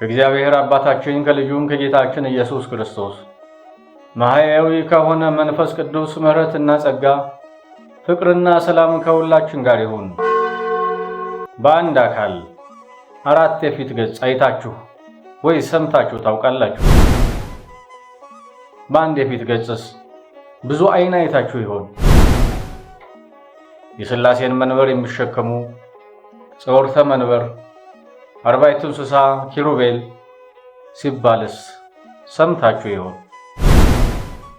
ከእግዚአብሔር አባታችን ከልጁም ከጌታችን ኢየሱስ ክርስቶስ ማህያዊ ከሆነ መንፈስ ቅዱስ ምሕረትና ጸጋ ፍቅርና ሰላም ከሁላችን ጋር ይሁን። በአንድ አካል አራት የፊት ገጽ አይታችሁ ወይ ሰምታችሁ ታውቃላችሁ? በአንድ የፊት ገጽስ ብዙ አይን አይታችሁ ይሆን? የሥላሴን መንበር የሚሸከሙ ጸወርተ መንበር፣ አርባዕቱ እንስሳ፣ ኪሩቤል ሲባልስ ሰምታችሁ ይሆን?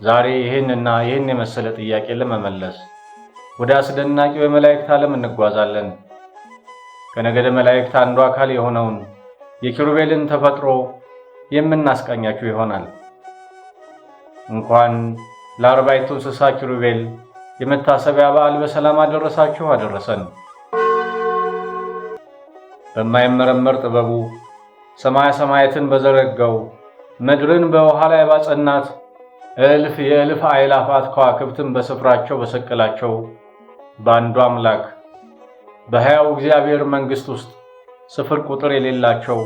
ዛሬ ይህንና ይህን የመሰለ ጥያቄ ለመመለስ ወደ አስደናቂው የመላእክት ዓለም እንጓዛለን። ከነገደ መላእክት አንዱ አካል የሆነውን የኪሩቤልን ተፈጥሮ የምናስቃኛችሁ ይሆናል። እንኳን ለአርባይቱ እንስሳ ኪሩቤል የመታሰቢያ በዓል በሰላም አደረሳችሁ አደረሰን። በማይመረመር ጥበቡ ሰማያ ሰማያትን በዘረጋው ምድርን በውሃ ላይ ባጸናት እልፍ የእልፍ አይላፋት ከዋክብትን በስፍራቸው በሰቀላቸው በአንዱ አምላክ በሕያው እግዚአብሔር መንግሥት ውስጥ ስፍር ቁጥር የሌላቸው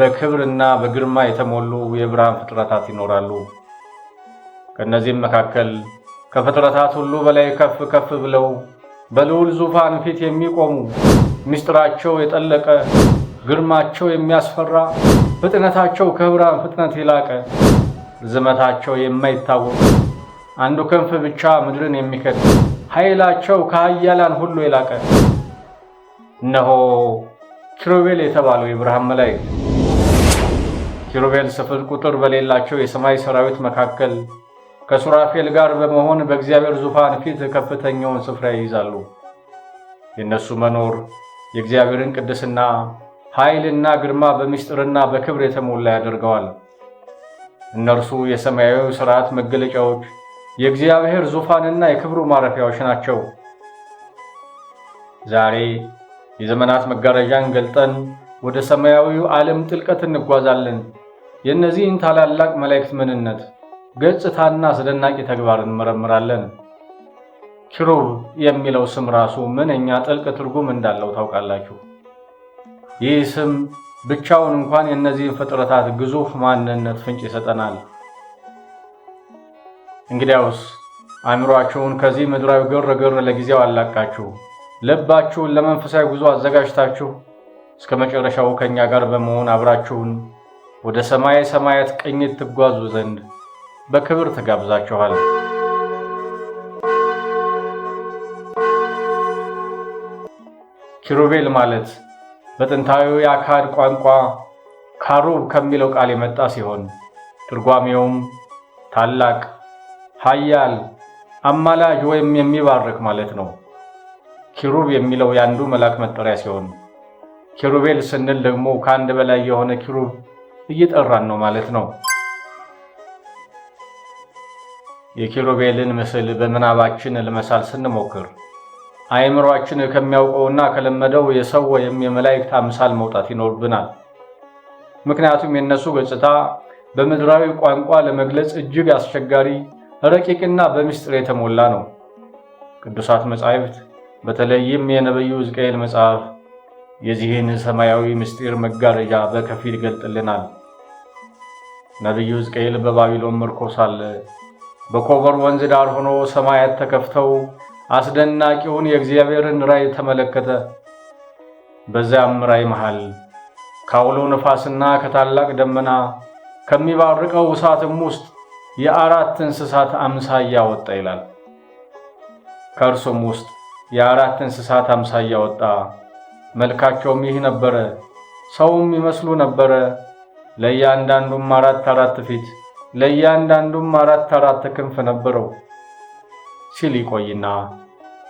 በክብርና በግርማ የተሞሉ የብርሃን ፍጥረታት ይኖራሉ። ከእነዚህም መካከል ከፍጥረታት ሁሉ በላይ ከፍ ከፍ ብለው በልዑል ዙፋን ፊት የሚቆሙ ምስጢራቸው የጠለቀ ግርማቸው የሚያስፈራ ፍጥነታቸው ከብርሃን ፍጥነት የላቀ ርዝመታቸው የማይታወቅ አንዱ ክንፍ ብቻ ምድርን የሚከድ ኃይላቸው ከኃያላን ሁሉ የላቀ እነሆ ኪሩቤል የተባለው የብርሃን መላእክት ኪሩቤል ስፍር ቁጥር በሌላቸው የሰማይ ሰራዊት መካከል ከሱራፌል ጋር በመሆን በእግዚአብሔር ዙፋን ፊት ከፍተኛውን ስፍራ ይይዛሉ። የእነሱ መኖር የእግዚአብሔርን ቅድስና ኃይልና ግርማ በምስጢርና በክብር የተሞላ ያደርገዋል። እነርሱ የሰማያዊ ሥርዓት መገለጫዎች፣ የእግዚአብሔር ዙፋንና የክብሩ ማረፊያዎች ናቸው። ዛሬ የዘመናት መጋረጃን ገልጠን ወደ ሰማያዊው ዓለም ጥልቀት እንጓዛለን። የእነዚህን ታላላቅ መላእክት ምንነት ገጽታና አስደናቂ ተግባር እንመረምራለን። ኪሩብ የሚለው ስም ራሱ ምንኛ ጥልቅ ትርጉም እንዳለው ታውቃላችሁ? ይህ ስም ብቻውን እንኳን የእነዚህን ፍጥረታት ግዙፍ ማንነት ፍንጭ ይሰጠናል። እንግዲያውስ አእምሯችሁን ከዚህ ምድራዊ ግርግር ለጊዜው አላቃችሁ ልባችሁን ለመንፈሳዊ ጉዞ አዘጋጅታችሁ እስከ መጨረሻው ከእኛ ጋር በመሆን አብራችሁን ወደ ሰማይ ሰማያት ቅኝት ትጓዙ ዘንድ በክብር ተጋብዛችኋል። ኪሩቤል ማለት በጥንታዊ የአካድ ቋንቋ ካሩብ ከሚለው ቃል የመጣ ሲሆን ትርጓሜውም ታላቅ፣ ኃያል፣ አማላጅ ወይም የሚባርክ ማለት ነው። ኪሩብ የሚለው የአንዱ መልአክ መጠሪያ ሲሆን ኪሩቤል ስንል ደግሞ ከአንድ በላይ የሆነ ኪሩብ እየጠራን ነው ማለት ነው። የኪሩቤልን ምስል በምናባችን ለመሳል ስንሞክር አእምሯችን ከሚያውቀውና ከለመደው የሰው ወይም የመላእክት አምሳል መውጣት ይኖርብናል። ምክንያቱም የእነሱ ገጽታ በምድራዊ ቋንቋ ለመግለጽ እጅግ አስቸጋሪ፣ ረቂቅና በምስጢር የተሞላ ነው። ቅዱሳት መጻሕፍት በተለይም የነቢዩ ሕዝቅኤል መጽሐፍ የዚህን ሰማያዊ ምስጢር መጋረጃ በከፊል ይገልጥልናል። ነቢዩ ሕዝቅኤል በባቢሎን ምርኮ ሳለ በኮበር ወንዝ ዳር ሆኖ ሰማያት ተከፍተው አስደናቂውን የእግዚአብሔርን ራእይ ተመለከተ። በዚያም ራእይ መሃል ከአውሎ ነፋስና ከታላቅ ደመና ከሚባርቀው እሳትም ውስጥ የአራት እንስሳት አምሳያ ወጣ ይላል። ከእርሱም ውስጥ የአራት እንስሳት አምሳያ ወጣ። መልካቸውም ይህ ነበረ፣ ሰውም ይመስሉ ነበረ፣ ለእያንዳንዱም አራት አራት ፊት ለእያንዳንዱም አራት አራት ክንፍ ነበረው ሲል ይቆይና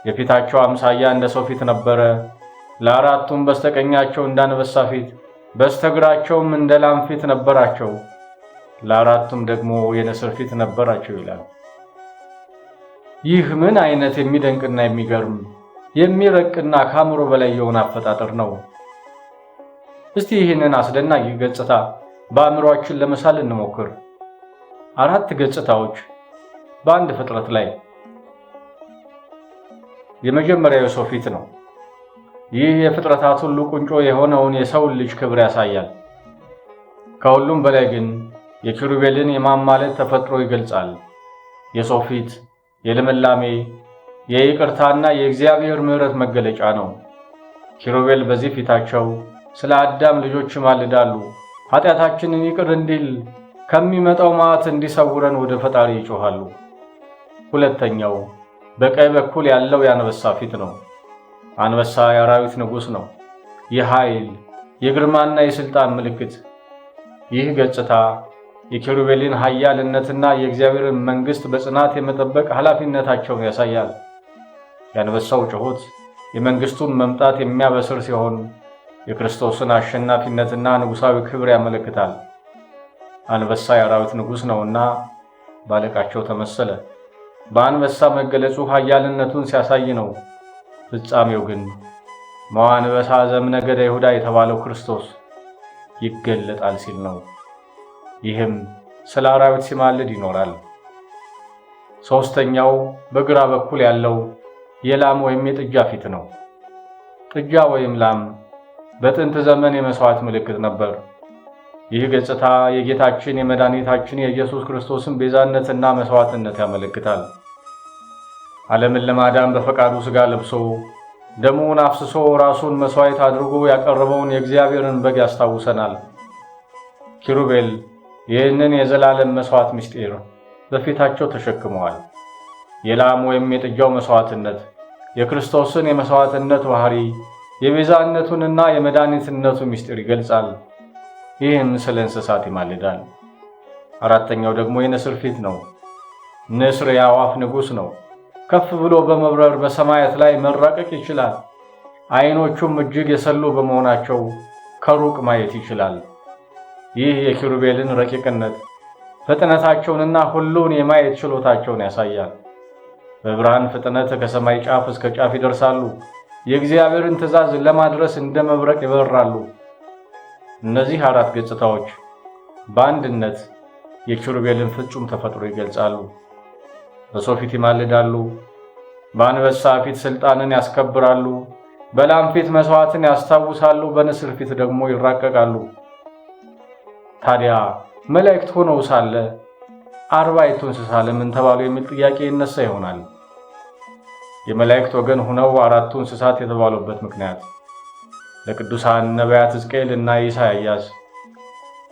የፊታቸው አምሳያ እንደ ሰው ፊት ነበረ። ለአራቱም በስተቀኛቸው እንደ አንበሳ ፊት፣ በስተግራቸውም እንደ ላም ፊት ነበራቸው። ለአራቱም ደግሞ የንስር ፊት ነበራቸው ይላል። ይህ ምን አይነት የሚደንቅና የሚገርም የሚረቅና ከአእምሮ በላይ የሆነ አፈጣጠር ነው! እስቲ ይህንን አስደናቂ ገጽታ በአእምሯችን ለመሳል እንሞክር። አራት ገጽታዎች በአንድ ፍጥረት ላይ የመጀመሪያው የሰው ፊት ነው። ይህ የፍጥረታት ሁሉ ቁንጮ የሆነውን የሰውን ልጅ ክብር ያሳያል። ከሁሉም በላይ ግን የኪሩቤልን የማማለት ተፈጥሮ ይገልጻል። የሰው ፊት የልምላሜ የይቅርታና የእግዚአብሔር ምሕረት መገለጫ ነው። ኪሩቤል በዚህ ፊታቸው ስለ አዳም ልጆች ይማልዳሉ፣ ኃጢአታችንን ይቅር እንዲል ከሚመጣው መዓት እንዲሰውረን ወደ ፈጣሪ ይጮኋሉ! ሁለተኛው በቀኝ በኩል ያለው የአንበሳ ፊት ነው። አንበሳ የአራዊት ንጉሥ ነው። የኃይል የግርማና የሥልጣን ምልክት። ይህ ገጽታ የኪሩቤልን ኃያልነትና የእግዚአብሔርን መንግሥት በጽናት የመጠበቅ ኃላፊነታቸውን ያሳያል። የአንበሳው ጩኸት የመንግሥቱን መምጣት የሚያበስር ሲሆን የክርስቶስን አሸናፊነትና ንጉሣዊ ክብር ያመለክታል። አንበሳ የአራዊት ንጉሥ ነውና ባለቃቸው ተመሰለ። በአንበሳ መገለጹ ኃያልነቱን ሲያሳይ ነው። ፍጻሜው ግን መዋንበሳ ዘእምነገደ ይሁዳ የተባለው ክርስቶስ ይገለጣል ሲል ነው። ይህም ስለ አራዊት ሲማልድ ይኖራል። ሦስተኛው በግራ በኩል ያለው የላም ወይም የጥጃ ፊት ነው። ጥጃ ወይም ላም በጥንት ዘመን የመሥዋዕት ምልክት ነበር። ይህ ገጽታ የጌታችን የመድኃኒታችን የኢየሱስ ክርስቶስን ቤዛነትና መሥዋዕትነት ያመለክታል። ዓለምን ለማዳን በፈቃዱ ሥጋ ለብሶ ደሙን አፍስሶ ራሱን መሥዋዕት አድርጎ ያቀረበውን የእግዚአብሔርን በግ ያስታውሰናል። ኪሩቤል ይህንን የዘላለም መሥዋዕት ምስጢር በፊታቸው ተሸክመዋል። የላም ወይም የጥጃው መሥዋዕትነት የክርስቶስን የመሥዋዕትነት ባሕሪ የቤዛነቱንና የመድኃኒትነቱ ምስጢር ይገልጻል። ይህም ስለ እንስሳት ይማልዳል። አራተኛው ደግሞ የንስር ፊት ነው። ንስር የአዕዋፍ ንጉሥ ነው። ከፍ ብሎ በመብረር በሰማያት ላይ መራቀቅ ይችላል። ዐይኖቹም እጅግ የሰሉ በመሆናቸው ከሩቅ ማየት ይችላል። ይህ የኪሩቤልን ረቂቅነት ፍጥነታቸውንና ሁሉን የማየት ችሎታቸውን ያሳያል። በብርሃን ፍጥነት ከሰማይ ጫፍ እስከ ጫፍ ይደርሳሉ። የእግዚአብሔርን ትእዛዝ ለማድረስ እንደ መብረቅ ይበራሉ። እነዚህ አራት ገጽታዎች በአንድነት የኪሩቤልን ፍጹም ተፈጥሮ ይገልጻሉ። በሰው ፊት ይማልዳሉ። በአንበሳ ፊት ስልጣንን ያስከብራሉ። በላም ፊት መስዋዕትን ያስታውሳሉ። በንስር ፊት ደግሞ ይራቀቃሉ። ታዲያ መላእክት ሆነው ሳለ አርባዕቱ እንስሳ ለምን ተባሉ የሚል ጥያቄ ይነሳ ይሆናል። የመላእክት ወገን ሆነው አራቱ እንስሳት የተባሉበት ምክንያት ለቅዱሳን ነቢያት ሕዝቅኤል እና ኢሳያስ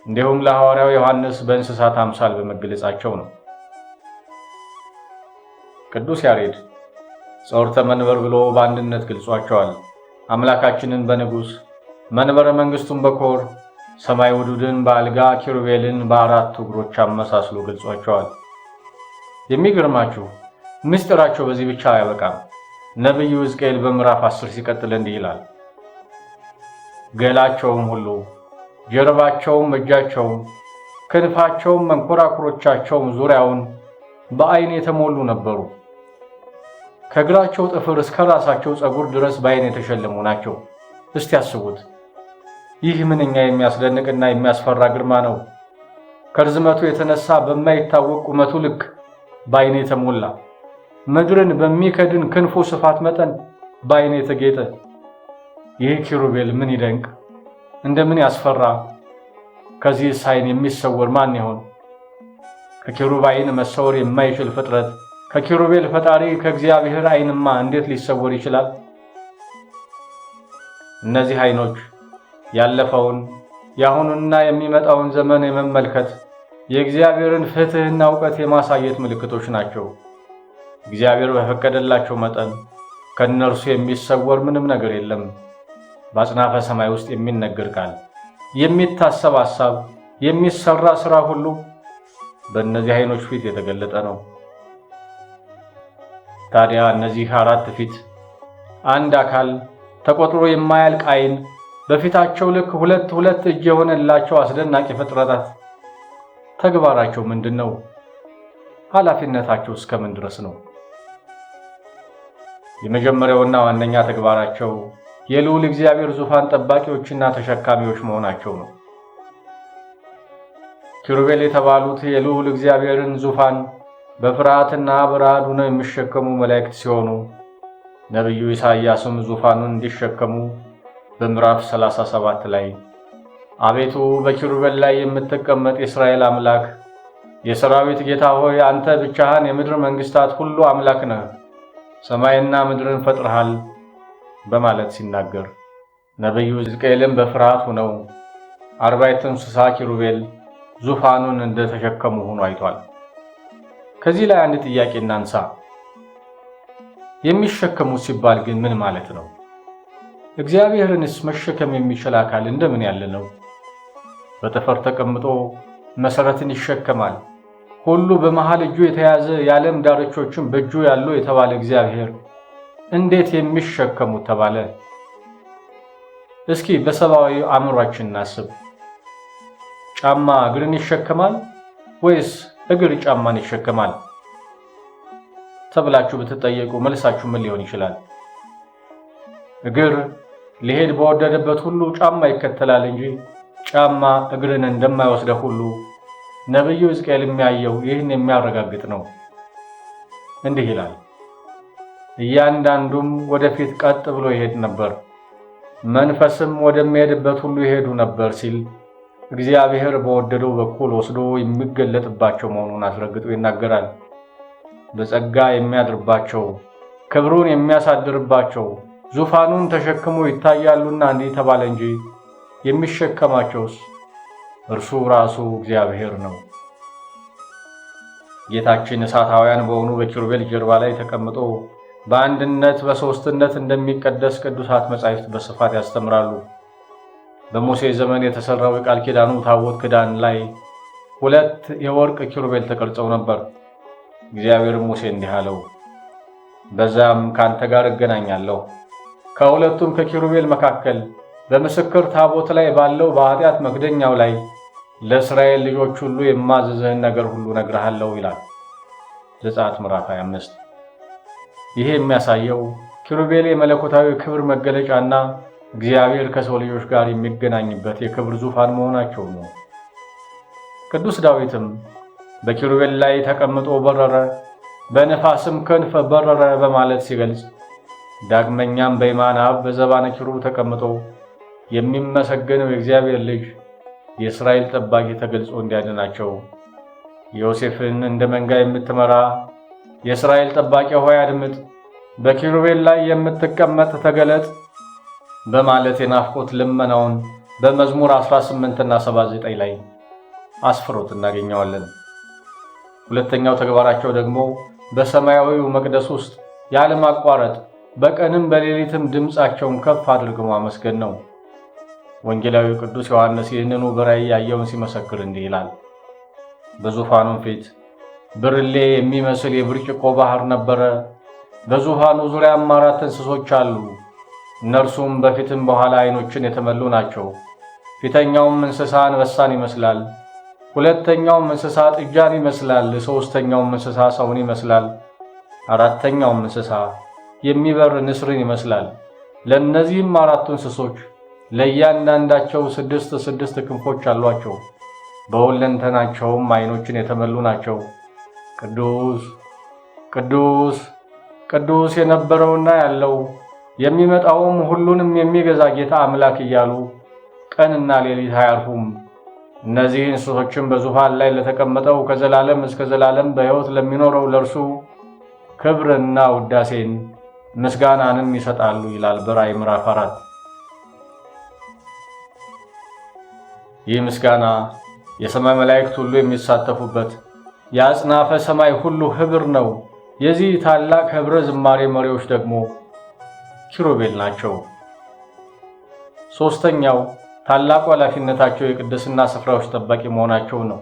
እንዲሁም ለሐዋርያው ዮሐንስ በእንስሳት አምሳል በመገለጻቸው ነው። ቅዱስ ያሬድ ጸውርተ መንበር ብሎ በአንድነት ገልጿቸዋል። አምላካችንን በንጉሥ መንበረ መንግሥቱን በኮር ሰማይ ውዱድን በአልጋ ኪሩቤልን በአራት እግሮች አመሳስሎ ገልጿቸዋል። የሚገርማችሁ ምስጢራቸው በዚህ ብቻ አያበቃም። ነቢዩ ሕዝቅኤል በምዕራፍ አስር ሲቀጥል እንዲህ ይላል ገላቸውም ሁሉ ጀርባቸውም እጃቸውም ክንፋቸውም መንኮራኩሮቻቸውም ዙሪያውን በዓይን የተሞሉ ነበሩ። ከእግራቸው ጥፍር እስከ ራሳቸው ፀጉር ድረስ በዓይን የተሸለሙ ናቸው። እስቲ አስቡት፣ ይህ ምንኛ የሚያስደንቅና የሚያስፈራ ግርማ ነው! ከርዝመቱ የተነሳ በማይታወቅ ቁመቱ ልክ በዓይን የተሞላ ምድርን በሚከድን ክንፉ ስፋት መጠን በዓይን የተጌጠ ይህ ኪሩቤል ምን ይደንቅ! እንደምን ያስፈራ! ከዚህ ሳይን የሚሰወር ማን ይሆን? ከኪሩባይን መሰወር የማይችል ፍጥረት ከኪሩቤል ፈጣሪ ከእግዚአብሔር አይንማ እንዴት ሊሰወር ይችላል? እነዚህ አይኖች ያለፈውን የአሁኑንና የሚመጣውን ዘመን የመመልከት የእግዚአብሔርን ፍትህና እውቀት የማሳየት ምልክቶች ናቸው። እግዚአብሔር በፈቀደላቸው መጠን ከእነርሱ የሚሰወር ምንም ነገር የለም። በአጽናፈ ሰማይ ውስጥ የሚነገር ቃል፣ የሚታሰብ ሐሳብ፣ የሚሰራ ሥራ ሁሉ በእነዚህ ዓይኖች ፊት የተገለጠ ነው። ታዲያ እነዚህ አራት ፊት አንድ አካል ተቆጥሮ የማያልቅ ዓይን በፊታቸው ልክ ሁለት ሁለት እጅ የሆነላቸው አስደናቂ ፍጥረታት ተግባራቸው ምንድን ነው? ኃላፊነታቸው እስከምን ድረስ ነው? የመጀመሪያውና ዋነኛ ተግባራቸው የልዑል እግዚአብሔር ዙፋን ጠባቂዎችና ተሸካሚዎች መሆናቸው ነው። ኪሩቤል የተባሉት የልዑል እግዚአብሔርን ዙፋን በፍርሃትና በረዓድ ሆነው የሚሸከሙ መላእክት ሲሆኑ ነቢዩ ኢሳይያስም ዙፋኑን እንዲሸከሙ በምዕራፍ 37 ላይ አቤቱ በኪሩቤል ላይ የምትቀመጥ የእስራኤል አምላክ የሰራዊት ጌታ ሆይ አንተ ብቻህን የምድር መንግሥታት ሁሉ አምላክ ነህ። ሰማይና ምድርን ፈጥረሃል በማለት ሲናገር ነቢዩ ሕዝቅኤልም በፍርሃት ሆነው አርባዕቱ እንስሳ ኪሩቤል ዙፋኑን እንደተሸከሙ ሆኖ አይቷል። ከዚህ ላይ አንድ ጥያቄ እናንሳ። የሚሸከሙት ሲባል ግን ምን ማለት ነው? እግዚአብሔርንስ መሸከም የሚችል አካል እንደምን ያለ ነው? በጠፈር ተቀምጦ መሰረትን ይሸከማል። ሁሉ በመሃል እጁ የተያዘ የዓለም ዳርቾችን በእጁ ያለው የተባለ እግዚአብሔር እንዴት የሚሸከሙት ተባለ። እስኪ በሰብአዊ አእምሯችን እናስብ። ጫማ እግርን ይሸከማል ወይስ እግር ጫማን ይሸከማል ተብላችሁ ብትጠየቁ መልሳችሁ ምን ሊሆን ይችላል? እግር ሊሄድ በወደደበት ሁሉ ጫማ ይከተላል እንጂ ጫማ እግርን እንደማይወስደ ሁሉ ነቢዩ ሕዝቅኤል የሚያየው ይህን የሚያረጋግጥ ነው። እንዲህ ይላል እያንዳንዱም ወደፊት ቀጥ ብሎ ይሄድ ነበር፣ መንፈስም ወደሚሄድበት ሁሉ ይሄዱ ነበር ሲል እግዚአብሔር በወደደው በኩል ወስዶ የሚገለጥባቸው መሆኑን አስረግጦ ይናገራል። በጸጋ የሚያድርባቸው ክብሩን የሚያሳድርባቸው ዙፋኑን ተሸክሞ ይታያሉና እንዲህ ተባለ እንጂ የሚሸከማቸውስ እርሱ ራሱ እግዚአብሔር ነው። ጌታችን እሳታውያን በሆኑ በኪሩቤል ጀርባ ላይ ተቀምጦ በአንድነት በሶስትነት እንደሚቀደስ ቅዱሳት መጻሕፍት በስፋት ያስተምራሉ። በሙሴ ዘመን የተሰራው የቃል ኪዳኑ ታቦት ክዳን ላይ ሁለት የወርቅ ኪሩቤል ተቀርጸው ነበር። እግዚአብሔር ሙሴ እንዲህ አለው፣ በዛም ካንተ ጋር እገናኛለሁ። ከሁለቱም ከኪሩቤል መካከል በምስክር ታቦት ላይ ባለው በኃጢአት መክደኛው ላይ ለእስራኤል ልጆች ሁሉ የማዘዝህን ነገር ሁሉ ነግርሃለሁ ይላል። ዘጸአት ምዕራፍ 25 ይሄ የሚያሳየው ኪሩቤል የመለኮታዊ ክብር መገለጫና እግዚአብሔር ከሰው ልጆች ጋር የሚገናኝበት የክብር ዙፋን መሆናቸው ነው። ቅዱስ ዳዊትም በኪሩቤል ላይ ተቀምጦ በረረ፣ በነፋስም ክንፍ በረረ በማለት ሲገልጽ፣ ዳግመኛም በየማነ አብ በዘባነ ኪሩብ ተቀምጦ የሚመሰገነው የእግዚአብሔር ልጅ የእስራኤል ጠባቂ ተገልጾ እንዲያድናቸው ዮሴፍን እንደ መንጋ የምትመራ የእስራኤል ጠባቂ ሆይ አድምጥ፣ በኪሩቤል ላይ የምትቀመጥ ተገለጥ በማለት የናፍቆት ልመናውን በመዝሙር 18ና 79 ላይ አስፍሮት እናገኘዋለን። ሁለተኛው ተግባራቸው ደግሞ በሰማያዊው መቅደስ ውስጥ ያለማቋረጥ በቀንም በሌሊትም ድምፃቸውን ከፍ አድርገው ማመስገን ነው። ወንጌላዊው ቅዱስ ዮሐንስ ይህንኑ በራእይ ያየውን ሲመሰክር እንዲህ ይላል፣ በዙፋኑም ፊት ብርሌ የሚመስል የብርጭቆ ባህር ነበረ። በዙፋኑ ዙሪያም አራት እንስሶች አሉ። እነርሱም በፊትም በኋላ አይኖችን የተመሉ ናቸው። ፊተኛውም እንስሳ አንበሳን ይመስላል። ሁለተኛውም እንስሳ ጥጃን ይመስላል። ሦስተኛውም እንስሳ ሰውን ይመስላል። አራተኛውም እንስሳ የሚበር ንስርን ይመስላል። ለእነዚህም አራቱ እንስሶች ለእያንዳንዳቸው ስድስት ስድስት ክንፎች አሏቸው። በሁለንተናቸውም አይኖችን የተመሉ ናቸው። ቅዱስ ቅዱስ ቅዱስ የነበረውና ያለው የሚመጣውም ሁሉንም የሚገዛ ጌታ አምላክ እያሉ ቀንና ሌሊት አያርፉም። እነዚህ እንስሶችም በዙፋን ላይ ለተቀመጠው ከዘላለም እስከ ዘላለም በሕይወት ለሚኖረው ለእርሱ ክብርና ውዳሴን ምስጋናንም ይሰጣሉ ይላል በራእይ ምዕራፍ አራት ይህ ምስጋና የሰማይ መላእክት ሁሉ የሚሳተፉበት የአጽናፈ ሰማይ ሁሉ ኅብር ነው። የዚህ ታላቅ ኅብረ ዝማሬ መሪዎች ደግሞ ኪሩቤል ናቸው። ሦስተኛው ታላቁ ኃላፊነታቸው የቅድስና ስፍራዎች ጠባቂ መሆናቸው ነው።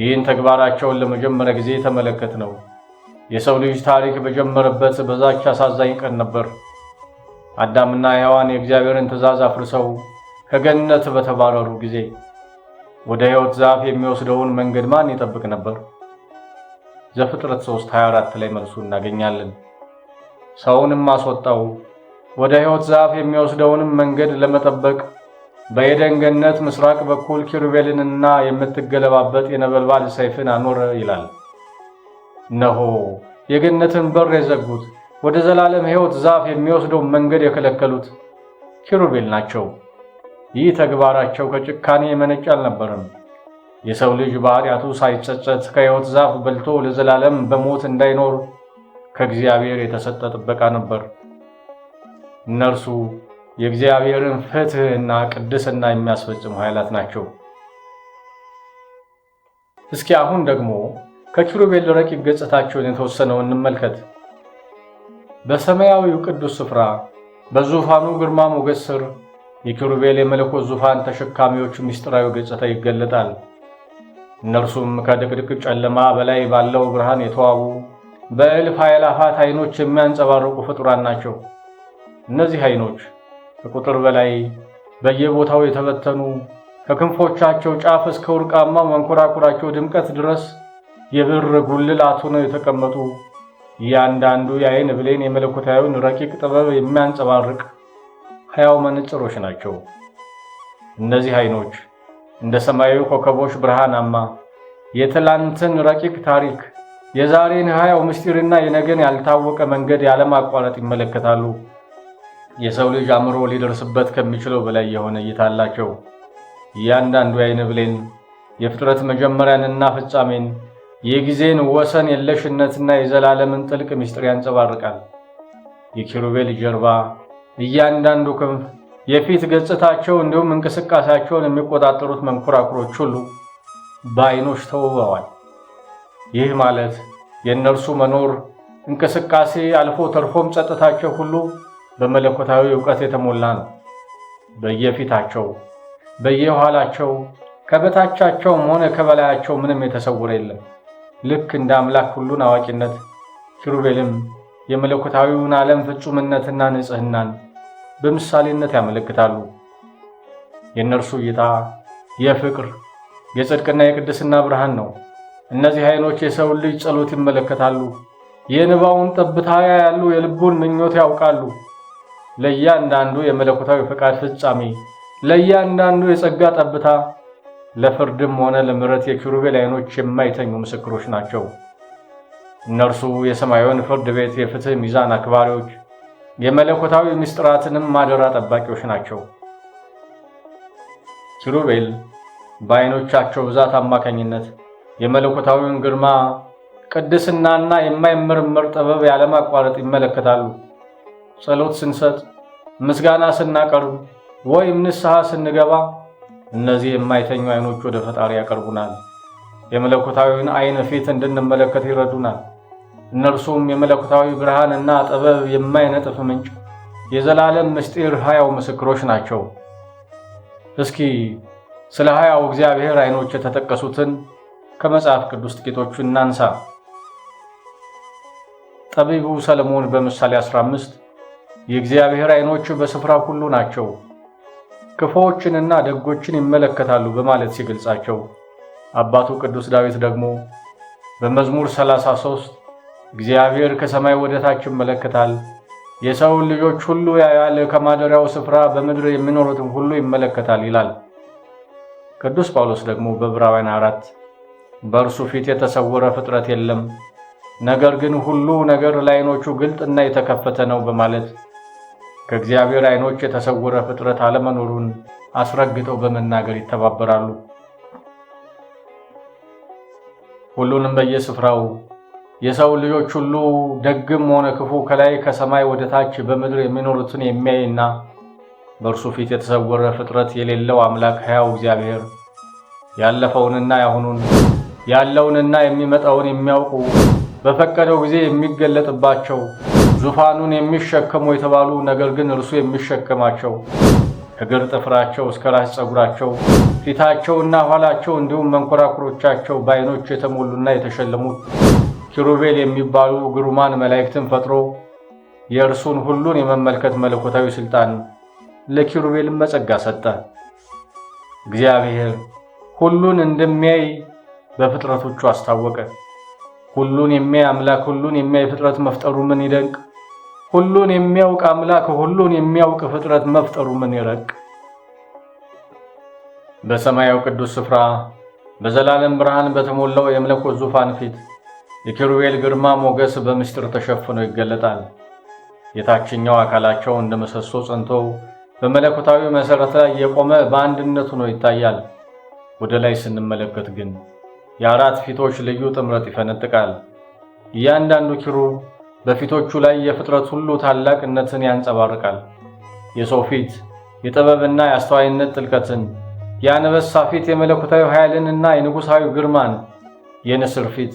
ይህን ተግባራቸውን ለመጀመሪያ ጊዜ የተመለከት ነው የሰው ልጅ ታሪክ በጀመረበት በዛች አሳዛኝ ቀን ነበር። አዳምና ሔዋን የእግዚአብሔርን ትእዛዝ አፍርሰው ከገነት በተባረሩ ጊዜ ወደ ሕይወት ዛፍ የሚወስደውን መንገድ ማን ይጠብቅ ነበር? ዘፍጥረት 3 24 ላይ መልሱ እናገኛለን። ሰውንም አስወጣው፣ ወደ ሕይወት ዛፍ የሚወስደውንም መንገድ ለመጠበቅ በኤደን ገነት ምስራቅ በኩል ኪሩቤልንና የምትገለባበት የነበልባል ሰይፍን አኖረ ይላል። እነሆ የገነትን በር የዘጉት ወደ ዘላለም ሕይወት ዛፍ የሚወስደውን መንገድ የከለከሉት ኪሩቤል ናቸው። ይህ ተግባራቸው ከጭካኔ የመነጭ አልነበረም። የሰው ልጅ በኃጢአቱ ሳይጸጸት ከሕይወት ዛፍ በልቶ ለዘላለም በሞት እንዳይኖር ከእግዚአብሔር የተሰጠ ጥበቃ ነበር። እነርሱ የእግዚአብሔርን ፍትሕና ቅድስና የሚያስፈጽሙ ኃይላት ናቸው። እስኪ አሁን ደግሞ ከኪሩቤል ረቂቅ ገጽታቸውን የተወሰነው እንመልከት። በሰማያዊው ቅዱስ ስፍራ በዙፋኑ ግርማ ሞገስ ስር የኪሩቤል የመለኮት ዙፋን ተሸካሚዎች ምስጢራዊ ገጽታ ይገለጣል። እነርሱም ከድቅድቅ ጨለማ በላይ ባለው ብርሃን የተዋቡ በእልፍ ኃይላፋት ዓይኖች የሚያንጸባርቁ ፍጡራን ናቸው። እነዚህ ዓይኖች ከቁጥር በላይ በየቦታው የተበተኑ ከክንፎቻቸው ጫፍ እስከ ወርቃማው መንኮራኩራቸው ድምቀት ድረስ የብር ጉልላት ሆነው የተቀመጡ እያንዳንዱ የዓይን ብሌን የመለኮታዊውን ረቂቅ ጥበብ የሚያንጸባርቅ ሕያው መነጽሮች ናቸው። እነዚህ ዓይኖች እንደ ሰማያዊ ኮከቦች ብርሃናማ የትላንትን ረቂቅ ታሪክ የዛሬን ሕያው ምስጢርና የነገን ያልታወቀ መንገድ ያለማቋረጥ ይመለከታሉ። የሰው ልጅ አእምሮ ሊደርስበት ከሚችለው በላይ የሆነ እይታ አላቸው። እያንዳንዱ የዓይን ብሌን የፍጥረት መጀመሪያንና ፍጻሜን፣ የጊዜን ወሰን የለሽነትና የዘላለምን ጥልቅ ምስጢር ያንጸባርቃል። የኪሩቤል ጀርባ እያንዳንዱ ክንፍ፣ የፊት ገጽታቸው እንዲሁም እንቅስቃሴያቸውን የሚቆጣጠሩት መንኮራኩሮች ሁሉ በአይኖች ተውበዋል። ይህ ማለት የእነርሱ መኖር እንቅስቃሴ አልፎ ተርፎም ጸጥታቸው ሁሉ በመለኮታዊ እውቀት የተሞላ ነው። በየፊታቸው በየኋላቸው ከበታቻቸውም ሆነ ከበላያቸው ምንም የተሰወረ የለም። ልክ እንደ አምላክ ሁሉን አዋቂነት ኪሩቤልም የመለኮታዊውን ዓለም ፍጹምነትና ንጽህናን በምሳሌነት ያመለክታሉ። የእነርሱ እይታ የፍቅር የጽድቅና የቅድስና ብርሃን ነው። እነዚህ ዓይኖች የሰው ልጅ ጸሎት ይመለከታሉ። የንባውን ጠብታ ያያሉ፣ የልቡን ምኞት ያውቃሉ። ለእያንዳንዱ የመለኮታዊ ፈቃድ ፍጻሜ፣ ለእያንዳንዱ የጸጋ ጠብታ፣ ለፍርድም ሆነ ለምሕረት የኪሩቤል ዓይኖች የማይተኙ ምስክሮች ናቸው። እነርሱ የሰማያዊውን ፍርድ ቤት የፍትህ ሚዛን አክባሪዎች፣ የመለኮታዊ ምስጢራትንም ማደራ ጠባቂዎች ናቸው። ኪሩቤል በዓይኖቻቸው ብዛት አማካኝነት የመለኮታዊውን ግርማ ቅድስናና የማይመረመር ጥበብ ያለማቋረጥ ይመለከታሉ። ጸሎት ስንሰጥ፣ ምስጋና ስናቀርብ ወይም ንስሐ ስንገባ እነዚህ የማይተኙ ዓይኖች ወደ ፈጣሪ ያቀርቡናል። የመለኮታዊውን አይን ፊት እንድንመለከት ይረዱናል። እነርሱም የመለኮታዊ ብርሃን እና ጥበብ የማይነጥፍ ምንጭ፣ የዘላለም ምስጢር ሐያው ምስክሮች ናቸው። እስኪ ስለ ሀያው እግዚአብሔር አይኖች የተጠቀሱትን ከመጽሐፍ ቅዱስ ጥቂቶቹ እናንሳ። ጠቢቡ ሰለሞን በምሳሌ 15 የእግዚአብሔር አይኖች በስፍራ ሁሉ ናቸው፣ ክፉዎችንና ደጎችን ይመለከታሉ በማለት ሲገልጻቸው አባቱ ቅዱስ ዳዊት ደግሞ በመዝሙር 33 እግዚአብሔር ከሰማይ ወደ ታች ይመለከታል፣ የሰውን ልጆች ሁሉ ያያል፣ ከማደሪያው ስፍራ በምድር የሚኖሩትን ሁሉ ይመለከታል ይላል። ቅዱስ ጳውሎስ ደግሞ በዕብራውያን አራት በእርሱ ፊት የተሰወረ ፍጥረት የለም፣ ነገር ግን ሁሉ ነገር ለዓይኖቹ ግልጥ እና የተከፈተ ነው በማለት ከእግዚአብሔር ዓይኖች የተሰወረ ፍጥረት አለመኖሩን አስረግጠው በመናገር ይተባበራሉ። ሁሉንም በየስፍራው የሰው ልጆች ሁሉ ደግም ሆነ ክፉ ከላይ ከሰማይ ወደ ታች በምድር የሚኖሩትን የሚያይና በእርሱ ፊት የተሰወረ ፍጥረት የሌለው አምላክ ሕያው እግዚአብሔር ያለፈውንና ያሁኑን ያለውንና የሚመጣውን የሚያውቁ በፈቀደው ጊዜ የሚገለጥባቸው ዙፋኑን የሚሸከሙ የተባሉ ነገር ግን እርሱ የሚሸከማቸው እግር ጥፍራቸው እስከ ራስ ፀጉራቸው ፊታቸውና ኋላቸው እንዲሁም መንኮራኩሮቻቸው በአይኖች የተሞሉና የተሸለሙ ኪሩቤል የሚባሉ ግሩማን መላእክትን ፈጥሮ የእርሱን ሁሉን የመመልከት መለኮታዊ ሥልጣን ለኪሩቤልም መጸጋ ሰጠ። እግዚአብሔር ሁሉን እንደሚያይ በፍጥረቶቹ አስታወቀ። ሁሉን የሚያይ አምላክ ሁሉን የሚያይ ፍጥረት መፍጠሩ ምን ይደንቅ! ሁሉን የሚያውቅ አምላክ ሁሉን የሚያውቅ ፍጥረት መፍጠሩ ምን ይረቅ! በሰማያዊ ቅዱስ ስፍራ በዘላለም ብርሃን በተሞላው የመለኮት ዙፋን ፊት የኪሩቤል ግርማ ሞገስ በምስጢር ተሸፍኖ ይገለጣል። የታችኛው አካላቸው እንደ ምሰሶ ጸንቶ በመለኮታዊ መሠረት ላይ የቆመ በአንድነት ሆኖ ይታያል። ወደ ላይ ስንመለከት ግን የአራት ፊቶች ልዩ ጥምረት ይፈነጥቃል። እያንዳንዱ ኪሩብ በፊቶቹ ላይ የፍጥረት ሁሉ ታላቅነትን ያንጸባርቃል። የሰው ፊት የጥበብና የአስተዋይነት ጥልቀትን የአንበሳ ፊት የመለኮታዊ ኃይልንና የንጉሣዊ ግርማን፣ የንስር ፊት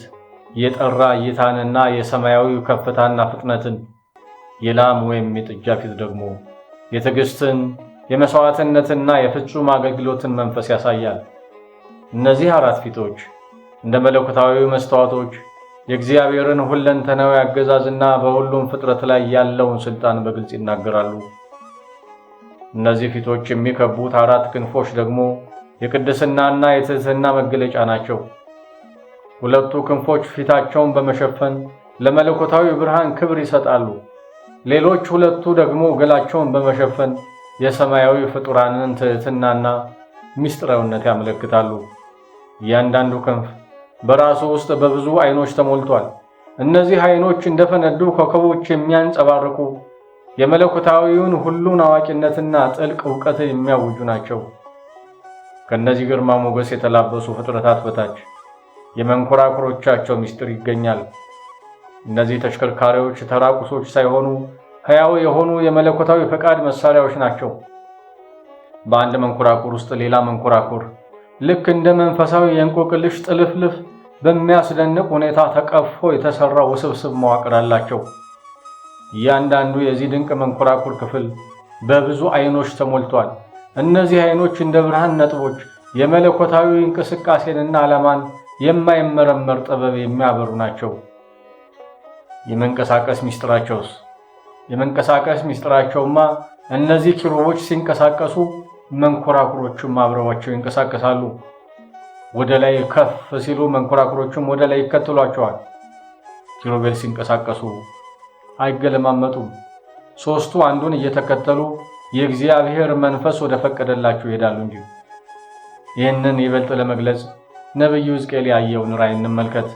የጠራ እይታንና የሰማያዊ ከፍታና ፍጥነትን፣ የላም ወይም የጥጃ ፊት ደግሞ የትዕግሥትን የመሥዋዕትነትና የፍጹም አገልግሎትን መንፈስ ያሳያል። እነዚህ አራት ፊቶች እንደ መለኮታዊ መስተዋቶች የእግዚአብሔርን ሁለንተናዊ አገዛዝና በሁሉም ፍጥረት ላይ ያለውን ሥልጣን በግልጽ ይናገራሉ። እነዚህ ፊቶች የሚከቡት አራት ክንፎች ደግሞ የቅድስናና የትሕትና መገለጫ ናቸው። ሁለቱ ክንፎች ፊታቸውን በመሸፈን ለመለኮታዊ ብርሃን ክብር ይሰጣሉ። ሌሎች ሁለቱ ደግሞ ገላቸውን በመሸፈን የሰማያዊ ፍጡራንን ትሕትናና ምስጢራዊነት ያመለክታሉ። እያንዳንዱ ክንፍ በራሱ ውስጥ በብዙ ዓይኖች ተሞልቷል። እነዚህ ዓይኖች እንደፈነዱ ኮከቦች የሚያንጸባርቁ የመለኮታዊውን ሁሉን አዋቂነትና ጥልቅ እውቀትን የሚያውጁ ናቸው። ከእነዚህ ግርማ ሞገስ የተላበሱ ፍጥረታት በታች የመንኮራኩሮቻቸው ምስጢር ይገኛል። እነዚህ ተሽከርካሪዎች ተራቁሶች ሳይሆኑ ሕያው የሆኑ የመለኮታዊ ፈቃድ መሳሪያዎች ናቸው። በአንድ መንኮራኩር ውስጥ ሌላ መንኮራኩር ልክ እንደ መንፈሳዊ የእንቆቅልሽ ጥልፍልፍ በሚያስደንቅ ሁኔታ ተቀፎ የተሠራ ውስብስብ መዋቅር አላቸው። እያንዳንዱ የዚህ ድንቅ መንኮራኩር ክፍል በብዙ አይኖች ተሞልቷል። እነዚህ አይኖች እንደ ብርሃን ነጥቦች የመለኮታዊ እንቅስቃሴንና ዓላማን የማይመረመር ጥበብ የሚያበሩ ናቸው። የመንቀሳቀስ ምስጢራቸውስ? የመንቀሳቀስ ምስጢራቸውማ እነዚህ ኪሩቦች ሲንቀሳቀሱ መንኮራኩሮቹም አብረዋቸው ይንቀሳቀሳሉ። ወደ ላይ ከፍ ሲሉ መንኮራኩሮቹም ወደ ላይ ይከተሏቸዋል። ኪሩቤል ሲንቀሳቀሱ አይገለማመጡም። ሦስቱ አንዱን እየተከተሉ የእግዚአብሔር መንፈስ ወደ ፈቀደላቸው ይሄዳሉ እንጂ። ይህንን ይበልጥ ለመግለጽ ነቢዩ ሕዝቅኤል ያየውን ራእይ እንመልከት።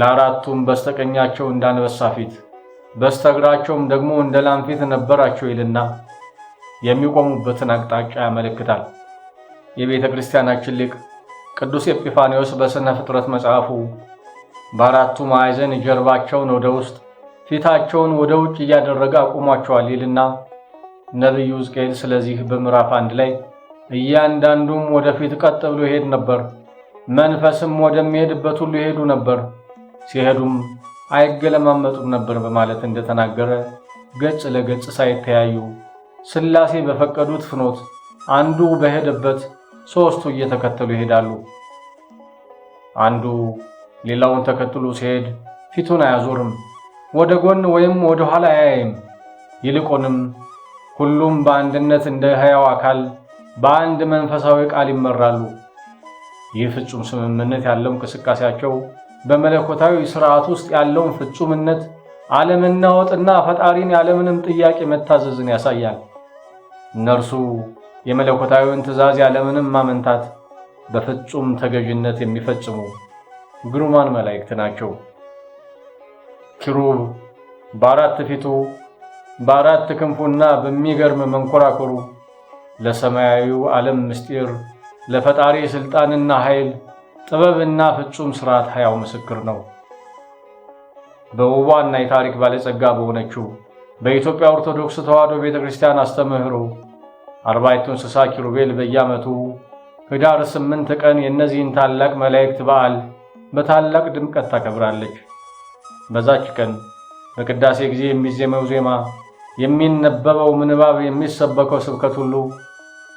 ለአራቱም በስተቀኛቸው እንዳንበሳ ፊት በስተግራቸውም ደግሞ እንደ ላም ፊት ነበራቸው ይልና የሚቆሙበትን አቅጣጫ ያመለክታል። የቤተ ክርስቲያናችን ሊቅ ቅዱስ ኤጲፋንዮስ በሥነ ፍጥረት መጽሐፉ በአራቱ ማዕዘን ጀርባቸውን ወደ ውስጥ ፊታቸውን ወደ ውጭ እያደረገ አቁሟቸዋል ይልና ነቢዩ ሕዝቅኤል ስለዚህ በምዕራፍ አንድ ላይ እያንዳንዱም ወደፊት ቀጥ ብሎ ይሄድ ነበር፣ መንፈስም ወደሚሄድበት ሁሉ ይሄዱ ነበር፣ ሲሄዱም አይገለማመጡም ነበር በማለት እንደተናገረ ገጽ ለገጽ ሳይተያዩ ሥላሴ በፈቀዱት ፍኖት አንዱ በሄደበት ሦስቱ እየተከተሉ ይሄዳሉ። አንዱ ሌላውን ተከትሎ ሲሄድ ፊቱን አያዞርም። ወደ ጎን ወይም ወደ ኋላ አያይም። ይልቁንም ሁሉም በአንድነት እንደ ሕያው አካል በአንድ መንፈሳዊ ቃል ይመራሉ። ይህ ፍጹም ስምምነት ያለው እንቅስቃሴያቸው በመለኮታዊ ሥርዓት ውስጥ ያለውን ፍጹምነት አለመናወጥና ፈጣሪን ያለምንም ጥያቄ መታዘዝን ያሳያል። እነርሱ የመለኮታዊውን ትእዛዝ ያለምንም ማመንታት በፍጹም ተገዥነት የሚፈጽሙ ግሩማን መላእክት ናቸው። ኪሩብ በአራት ፊቱ በአራት ክንፉና በሚገርም መንኮራኮሩ ለሰማያዊው ዓለም ምስጢር ለፈጣሪ ሥልጣንና ኃይል ጥበብና ፍጹም ሥርዓት ሕያው ምስክር ነው። በውቧና የታሪክ ባለጸጋ በሆነችው በኢትዮጵያ ኦርቶዶክስ ተዋሕዶ ቤተ ክርስቲያን አስተምህሮ አርባዕቱ እንስሳ ኪሩቤል በየዓመቱ ኅዳር ስምንት ቀን የእነዚህን ታላቅ መላእክት በዓል በታላቅ ድምቀት ታከብራለች። በዛች ቀን በቅዳሴ ጊዜ የሚዜመው ዜማ፣ የሚነበበው ምንባብ፣ የሚሰበከው ስብከት ሁሉ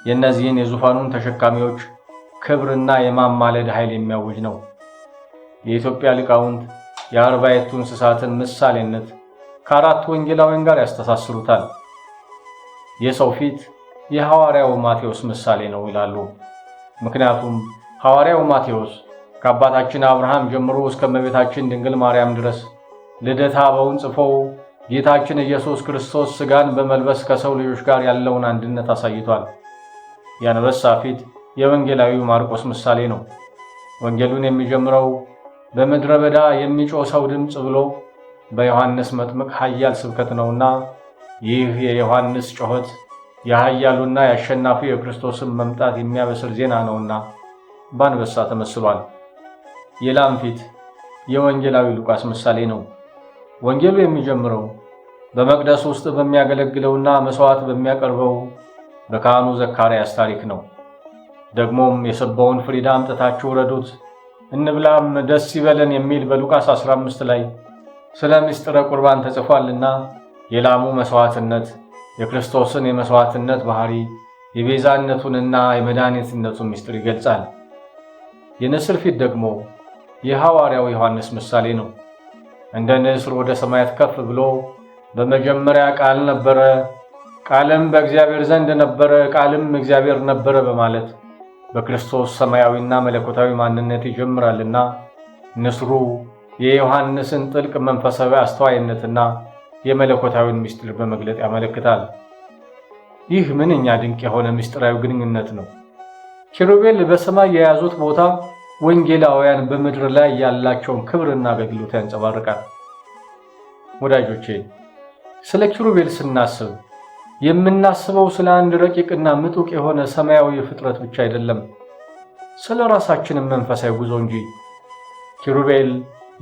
የእነዚህን የዙፋኑን ተሸካሚዎች ክብርና የማማለድ ኃይል የሚያውጅ ነው። የኢትዮጵያ ሊቃውንት የአርባዕቱ እንስሳትን ምሳሌነት ከአራት ወንጌላውያን ጋር ያስተሳስሩታል። የሰው ፊት የሐዋርያው ማቴዎስ ምሳሌ ነው ይላሉ። ምክንያቱም ሐዋርያው ማቴዎስ ከአባታችን አብርሃም ጀምሮ እስከ እመቤታችን ድንግል ማርያም ድረስ ልደታ አበውን ጽፈው ጌታችን ኢየሱስ ክርስቶስ ሥጋን በመልበስ ከሰው ልጆች ጋር ያለውን አንድነት አሳይቷል። የአንበሳ ፊት የወንጌላዊው ማርቆስ ምሳሌ ነው። ወንጌሉን የሚጀምረው በምድረ በዳ የሚጮህ ሰው ድምፅ ብሎ በዮሐንስ መጥምቅ ኃያል ስብከት ነውና ይህ የዮሐንስ ጩኸት የኃያሉና የአሸናፊው የክርስቶስን መምጣት የሚያበስር ዜና ነውና በአንበሳ ተመስሏል። የላም ፊት የወንጌላዊ ሉቃስ ምሳሌ ነው። ወንጌሉ የሚጀምረው በመቅደስ ውስጥ በሚያገለግለውና መሥዋዕት በሚያቀርበው በካህኑ ዘካርያስ ታሪክ ነው። ደግሞም የሰባውን ፍሪዳ አምጥታችሁ ረዱት እንብላም ደስ ይበለን የሚል በሉቃስ 15 ላይ ስለ ምስጢረ ቁርባን ተጽፏልና የላሙ መሥዋዕትነት የክርስቶስን የመሥዋዕትነት ባሕሪ የቤዛነቱንና የመድኃኒትነቱን ምስጢር ይገልጻል። የንስር ፊት ደግሞ የሐዋርያው ዮሐንስ ምሳሌ ነው። እንደ ንስር ወደ ሰማያት ከፍ ብሎ በመጀመሪያ ቃል ነበረ፣ ቃልም በእግዚአብሔር ዘንድ ነበረ፣ ቃልም እግዚአብሔር ነበረ በማለት በክርስቶስ ሰማያዊና መለኮታዊ ማንነት ይጀምራልና ንስሩ የዮሐንስን ጥልቅ መንፈሳዊ አስተዋይነትና የመለኮታዊን ምስጢር በመግለጥ ያመለክታል። ይህ ምንኛ ድንቅ የሆነ ምስጢራዊ ግንኙነት ነው! ኪሩቤል በሰማይ የያዙት ቦታ ወንጌላውያን በምድር ላይ ያላቸውን ክብርና አገልግሎት ያንጸባርቃል። ወዳጆቼ ስለ ኪሩቤል ስናስብ የምናስበው ስለ አንድ ረቂቅና ምጡቅ የሆነ ሰማያዊ ፍጥረት ብቻ አይደለም፣ ስለ ራሳችንም መንፈሳዊ ጉዞ እንጂ። ኪሩቤል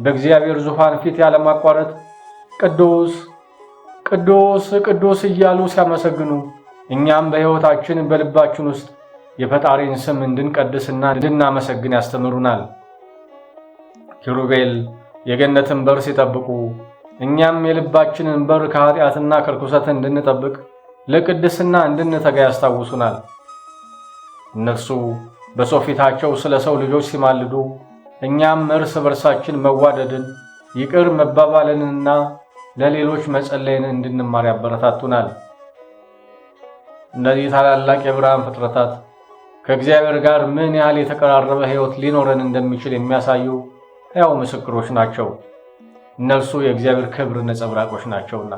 በእግዚአብሔር ዙፋን ፊት ያለማቋረጥ ቅዱስ ቅዱስ ቅዱስ እያሉ ሲያመሰግኑ እኛም በሕይወታችን በልባችን ውስጥ የፈጣሪን ስም እንድንቀድስና እንድናመሰግን ያስተምሩናል። ኪሩቤል የገነትን በር ሲጠብቁ እኛም የልባችንን በር ከኃጢአትና ከርኩሰት እንድንጠብቅ ለቅድስና እንድንተጋ ያስታውሱናል። እነርሱ በሰው ፊታቸው ስለ ሰው ልጆች ሲማልዱ እኛም እርስ በርሳችን መዋደድን፣ ይቅር መባባልንና ለሌሎች መጸለይን እንድንማር ያበረታቱናል። እነዚህ ታላላቅ የብርሃን ፍጥረታት ከእግዚአብሔር ጋር ምን ያህል የተቀራረበ ሕይወት ሊኖረን እንደሚችል የሚያሳዩ ሕያው ምስክሮች ናቸው። እነርሱ የእግዚአብሔር ክብር ነጸብራቆች ናቸውና።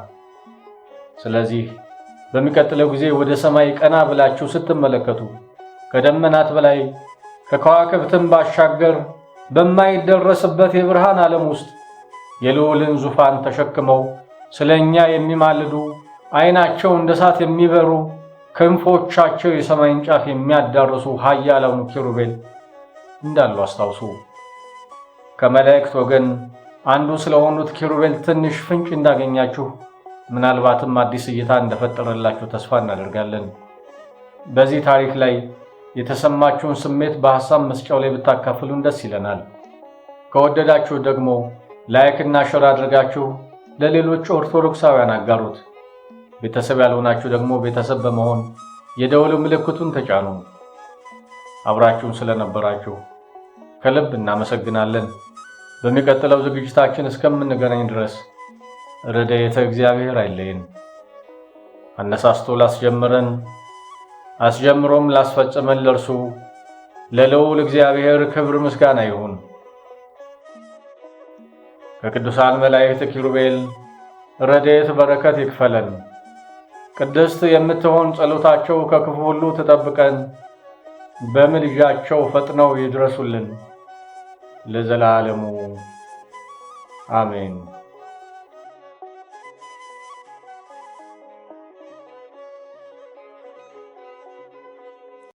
ስለዚህ በሚቀጥለው ጊዜ ወደ ሰማይ ቀና ብላችሁ ስትመለከቱ ከደመናት በላይ ከከዋክብትም ባሻገር በማይደረስበት የብርሃን ዓለም ውስጥ የልዑልን ዙፋን ተሸክመው ስለ እኛ የሚማልዱ ዐይናቸው እንደ እሳት የሚበሩ ክንፎቻቸው የሰማይን ጫፍ የሚያዳርሱ ኃያላኑ ኪሩቤል እንዳሉ አስታውሱ። ከመላእክት ወገን አንዱ ስለሆኑት ኪሩቤል ትንሽ ፍንጭ እንዳገኛችሁ፣ ምናልባትም አዲስ እይታ እንደፈጠረላችሁ ተስፋ እናደርጋለን። በዚህ ታሪክ ላይ የተሰማችሁን ስሜት በሐሳብ መስጫው ላይ ብታካፍሉን ደስ ይለናል። ከወደዳችሁ ደግሞ ላይክና ሸር አድርጋችሁ ለሌሎች ኦርቶዶክሳውያን አጋሩት። ቤተሰብ ያልሆናችሁ ደግሞ ቤተሰብ በመሆን የደወል ምልክቱን ተጫኑ። አብራችሁን ስለነበራችሁ ከልብ እናመሰግናለን። በሚቀጥለው ዝግጅታችን እስከምንገናኝ ድረስ ረድኤተ እግዚአብሔር አይለየን። አነሳስቶ ላስጀምረን አስጀምሮም ላስፈጸመን ለእርሱ ለልዑል እግዚአብሔር ክብር ምስጋና ይሁን። ከቅዱሳን መላእክት ኪሩቤል ረድኤት በረከት ይክፈለን። ቅድስት የምትሆን ጸሎታቸው ከክፉ ሁሉ ትጠብቀን፣ በምልጃቸው ፈጥነው ይድረሱልን ለዘላለሙ አሜን።